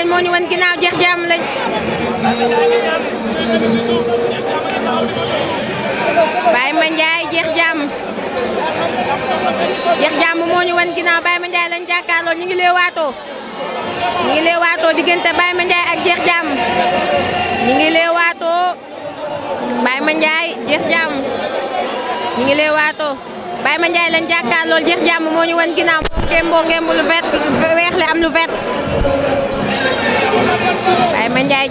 leen moo ñu wan ginnaaw jeex jàmm lañ. Baye Mandiaye jeex jàmm moo ñu wan ginnaaw Baye Mandiaye lañ jàkkaarloo ñu ngi lee waatoo ñu ngi lee waatoo diggante Baye Mandiaye ak jeex jàmm ñu ngi lee waatoo Baye Mandiaye jeex jàmm ñu ngi lee waatoo Baye Mandiaye lañ jàkkaarloo jeex jàmm moo ñu wan ginnaaw moom ngémboo ngémb lu vert weex am lu vert. ma Ndiaye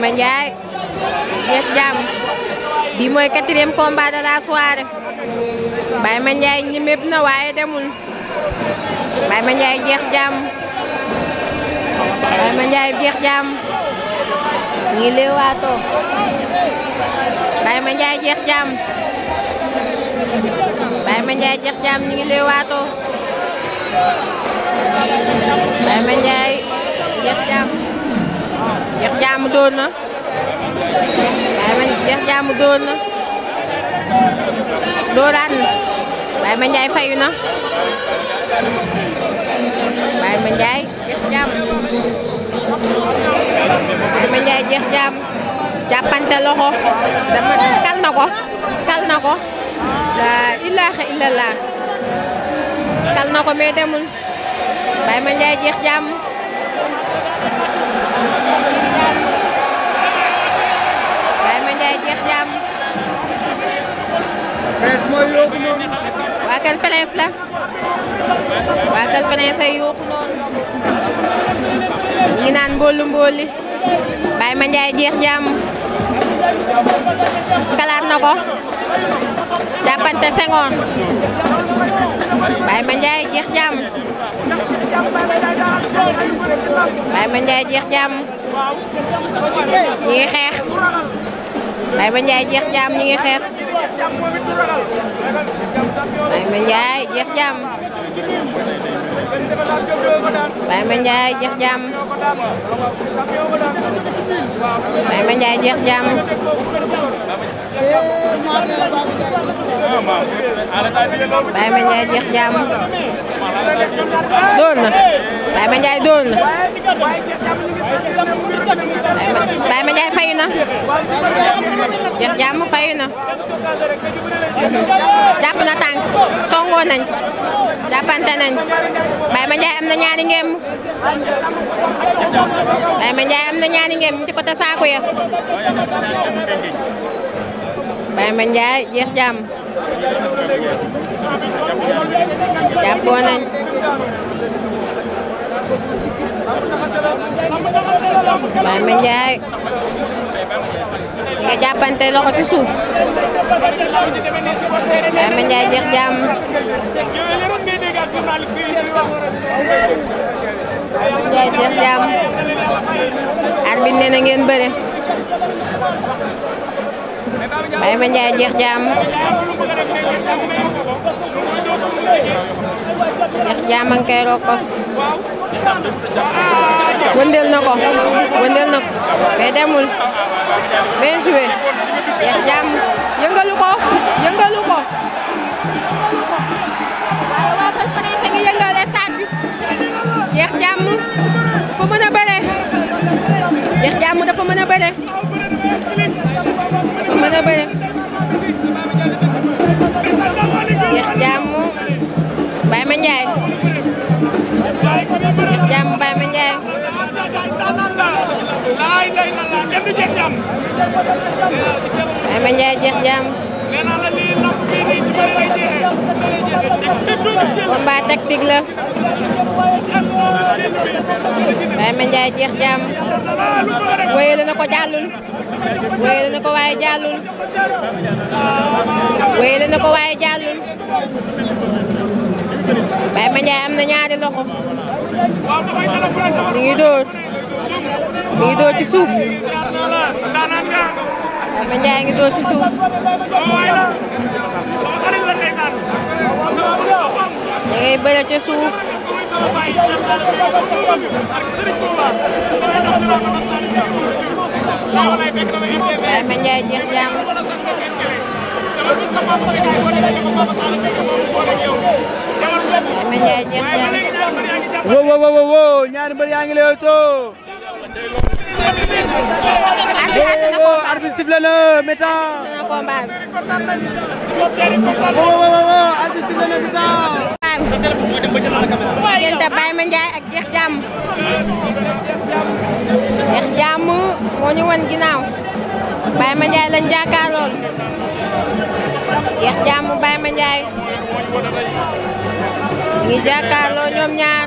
ma Ndiaye jeex jàmm bii mooy quatrième combat de la soirée Baye ma Ndiaye ñemeeb na waaye demul Baye ma Ndiaye jeex jàmm Baye ma Ndiaye jeex jàmm ñu ngi lee Ayma Ndiaye Jeex Jaam Jeex Jaam doon na Ayma Jeex Jaam doon na dooraat na Ayma Ndiaye fayu na Ayma Ndiaye Jeex Jeex Jaam jàppante loxo dama kal na ko kal na ko la ilaaha illallah kal na ko mais demul ma Mandiaye jeex jàmm Baye Mandiaye jeex jàmm waa Kër Pelès la waa Kër Pelès ay yuuxu noonu ñu ngi naan mboolu mbooli Baye Mandiaye jeex jàmm kalaat na ko jàppante sengoon Baye Mandiaye jeex jàmm Baye Mandiaye jeex jàmm ñi ngi xeex Baye Mandiaye jeex jàmm ñi ngi xeex Baye Mandiaye jeex jàmm Baye Mandiaye jeex jàmm Baye Mandiaye jeex jàmm Baye Mandiaye jeex jàmm dóor na Baye Mandiaye dóor na Baye Mandiaye fayu na jeex jàmm fayu nañ jàppante nañ Baye Mandiaye am na ñaari ngeem Baye Mandiaye am na ñaari ngeem ci côté saako ya Baye Mandiaye jeex jàmm jàppoo nañ Baye Mandiaye nga jàppante loxo ci suuf Lamine Ndiaye jeex jeex jàmm arbitre nee na ngeen bëre Baye Ma Ndiaye jeex jàmm jeex jàmm nga koy rokkos wëndeel na ko wëndeel na ko mais demul bien joué yeex jàmm yëngalu ko yëngalu ko waaye waa Gueule Tapée sa ngi yëngal mën a bëre yeex jàmm dafa mën a bëre dafa mën a bëre yeex jàmm Baye Mandiaye ay ma Ndiaye jeex jàmm. combat tactique la. ay ko jàllul. wéyale na ko waaye jàllul. wéyale na ko am na ñaari loxo. mi dóor. mi ngi doo ci suuf Lamine Ndiaye ngi doo ci suuf da ngay bëre ca suuf Lamine Ndiaye jeex jàmm Lamine Ndiaye jeex jàmm wow wow wow ñaari mbër yaa ngi lay too arbitre sifflé na mi ak Jeex Jàmm Jeex Jàmm moo ñu wan ginnaaw Baye Mandiaye lañ jàkkaar lool Jeex Jàmm Baye Mandiaye ngi jàkkaarloo ñoom ñaar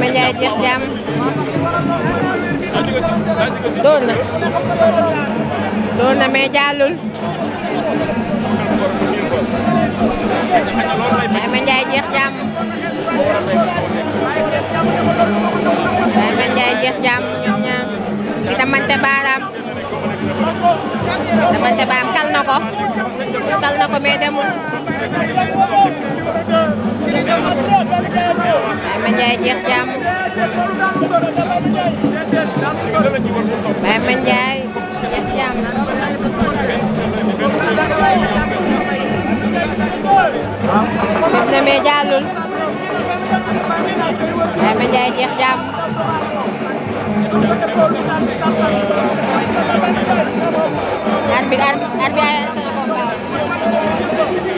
Adama Ndiaye jeex jàmm doon na doon na mais jàllul Adama Ndiaye jeex jàmm Adama Ndiaye jeex jàmm ñoom ñaar di tamante baaraam damante baam kal kal na ko mais demul Baye Mandiaye jeex jàmm Baye Mandiaye jeex jàmm def na mais jàllul Baye Mandiaye jeex jàmm arbitre arbitre arbitre ay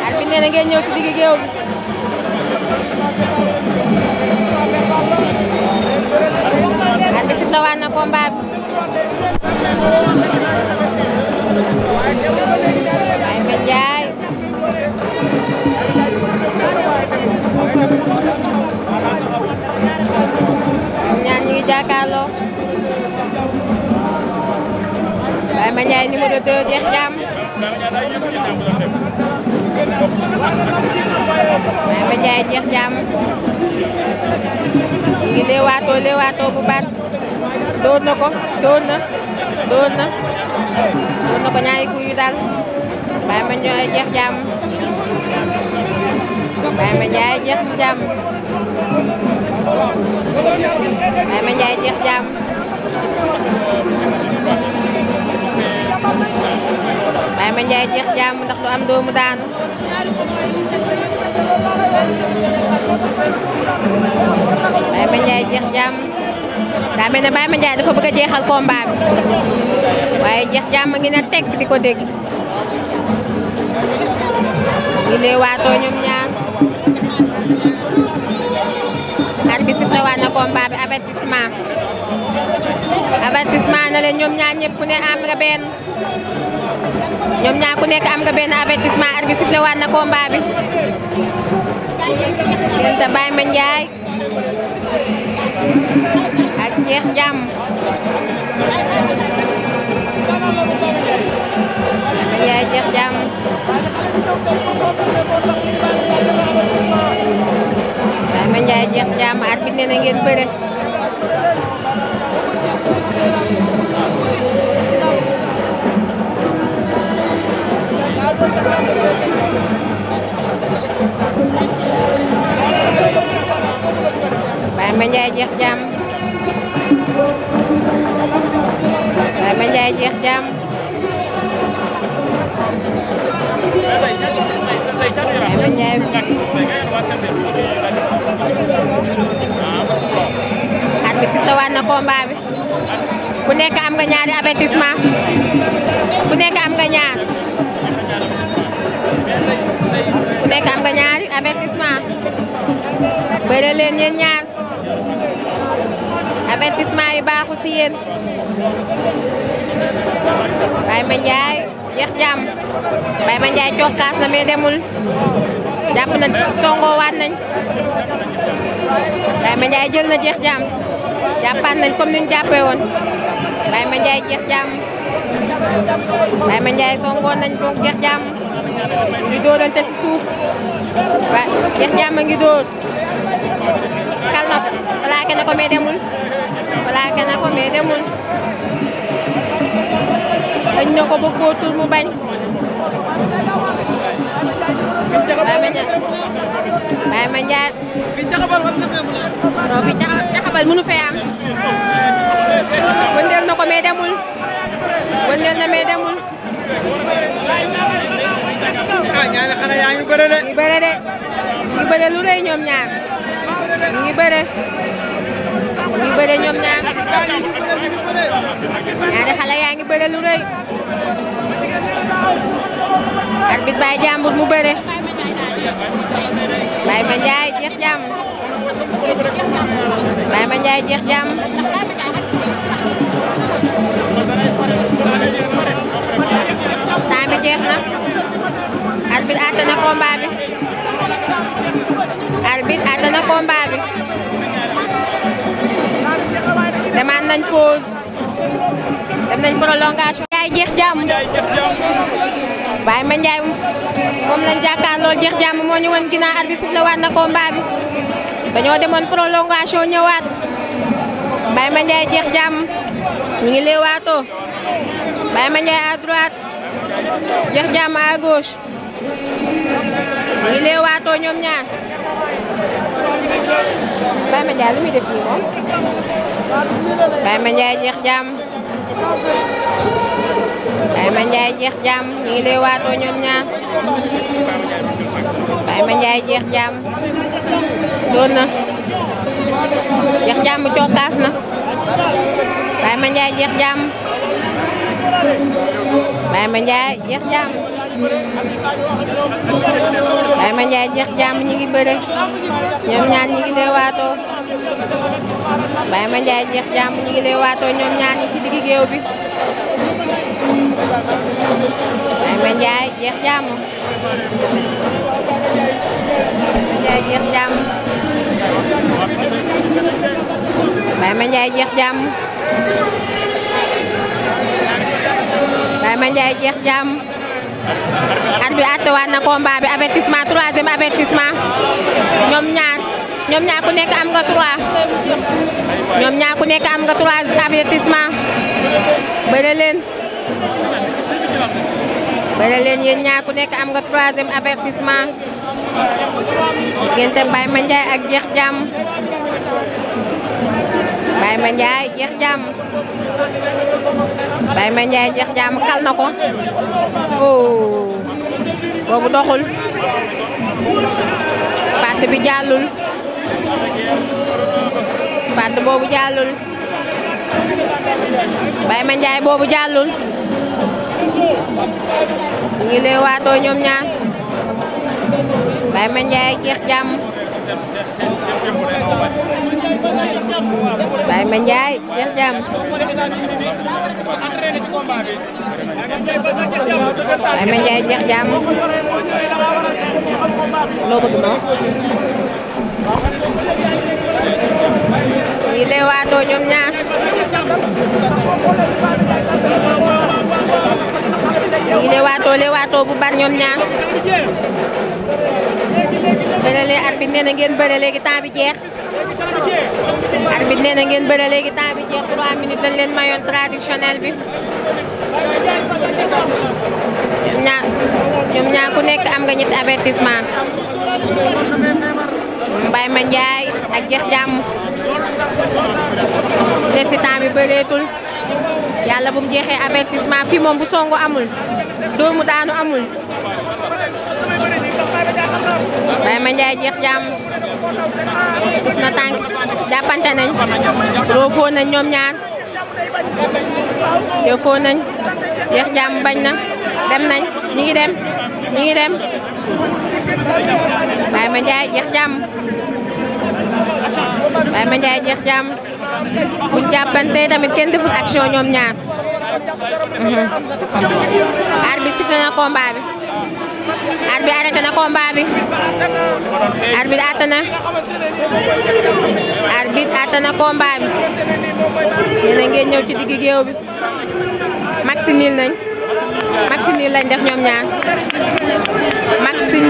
arbitre nee na ngeen ñëw si digg géew bi Ibrahima Ndiaye numéro jeex jaam Ibrahima Ndiaye jeex jaam ñu ngi leewaatoo leewaatoo bu baat dóor na ko dóor na dóor na dóor na ko ñaari coup yu daal Ibrahima Ndiaye jeex jaam Ibrahima Ndiaye jeex jaam Ibrahima Ndiaye jeex jaam Baye Mandiaye jeex jàmm ndax du am doomu daanu Baye Mandiaye jeex jàmm daa mel ne Baye Mandiaye dafa bëgg a jeexal combat bi waaye jeex jàmm ngi ne teg di ko dégg ngi lee ñoom ñaar ar bi sifle waat na combat bi avertissement avertissement na leen ñoom ñaar ñëpp ku ne am nga ñoom ñaar ku nekk am nga benn avertissement arbitre sifflé waat na combat bi diggante Baye Mandiaye ak Cheikh Thiam nee na ngeen bëre bu nekk am nga ñaari avertissement bu nekk am nga ñaar bu nekk am ñaar avertissement yi baaxu si yéen Baye Mandiaye jeex jàmm Baye Mandiaye cokkaas na mais demul jàpp na songoo waat nañ Baye Mandiaye jël na jeex jàmm jàppaat nañ comme ni ñu Baye Mandiaye jeex jàmm Baye Mandiaye songoon nañ donc jeex jàmm ñu dóorante si suuf ba jeex a ngi dóor kal na ko plaqué na ko mais demul plaqué na ko mais demul na ko ba koo mu bañ Baye Mandiaye. fii caxabal war na fee mën a demul wëndeel na mais demul. ah ñaari xale yaa ngi bëre de. ñu bëre de rëy ñoom ñaar ñu ngi bëre ñu bëre ñoom ñaar ñaari xale yaa ngi bëre lu rëy. arbitre bay jàmbur mu bëre Baye Ma Ndiaye jeex jàmm Baye Ma Ndiaye jeex na arbit àtte na bi arbit àtte na bi demaat nañ pause dem nañ prolongation yaay jeex jàmm Baye Mandiaye moom lañ jàkkaar lool jeex jàmm moo ñu woon ginnaaw arbit siflé waat na combat bi dañoo demoon prolongation ñëwaat Baye Mandiaye jeex jàmm ñu ngi leewaatoo Baye Mandiaye à droite Jeex Jàmm à gauche mu ngi leewaatoo ñoom ñaar Baye lu muy def nii moom Baye Mandiaye Jeex Jàmm Baye Mandiaye Jeex Jàmm ñu ngi leewaatoo ñoom ñaar Baye Mandiaye Jeex Jàmm doon na Jeex Jàmm cookaas na Baye Mandiaye Jeex Jàmm Baye Mandiaye jeex jaam Baye Mandiaye jeex jaam ñi ngi ñoom ñaar ñi ngi leewaatoo Baye Mandiaye jeex jaam ñi ngi leewaatoo ñoom ñaar ñi ci diggi géew bi Baye Mandiaye jeex jaam Baye Mandiaye jeex jeex jaam Ibrahima Ndiaye jeex jàmm at bi attewaat na combat bi avertissement troisième avertissement ñoom ñaar ñoom ñaar ku nekk am nga trois ñoom ñaar ku nekk am nga trois avertissement bëre leen bëre leen yéen ñaar ku nekk am nga troisième avertissement diggante Baye Ma Ndiaye ak jeex jàmm Baye Ma Ndiaye jeex jàmm Baye Mbaye Ndiaye jeex jaam kal na ko oh boobu doxul fàtt bi jàllul fàtt boobu jàllul Baye Mbaye boobu jàllul ñu ngi lay ñoom ñaar Baye Mbaye Ndiaye jeex Baye Mandiaye Cheikh Thiam Baye Mandiaye Cheikh Thiam loo bëgg moom ngi leewaatoo ñoom ñaar ngi leewaatoo leewaatoo bu bar ñoom ñaar bëre léegi arbitre nee na ngeen bëre léegi temps bi jeex arbitre nee na ngeen bëre léegi temps bi jeex 3 minutes leen mayoon traditionnel bi ñoom ñaar ku nekk am nga ñetti avertissement Mbaye ma Ndiaye ak jeex jàmm des si temps bi bëreetul yàlla bu jeexee avertissement fii moom bu songo amul doomu daanu amul. Baye Mandiaye jeex jàmm kës na tànk jàppante nañ loo nañ ñoom ñaar te nañ jeex jàmm bañ na dem nañ ñi dem ñi ngi dem Baye Mandiaye jeex jàmm Baye Mandiaye jeex jàmm buñ jàppante tamit kenn deful action ñoom ñaar mhm. arbitre sifflé na combat bi arbitre arrêté na combat bi arbitre àtte na arbitre àtte bi nee ngeen ñëw ci digg géew bi maxi niil nañ maxi niil lañ def ñoom ñaar maxi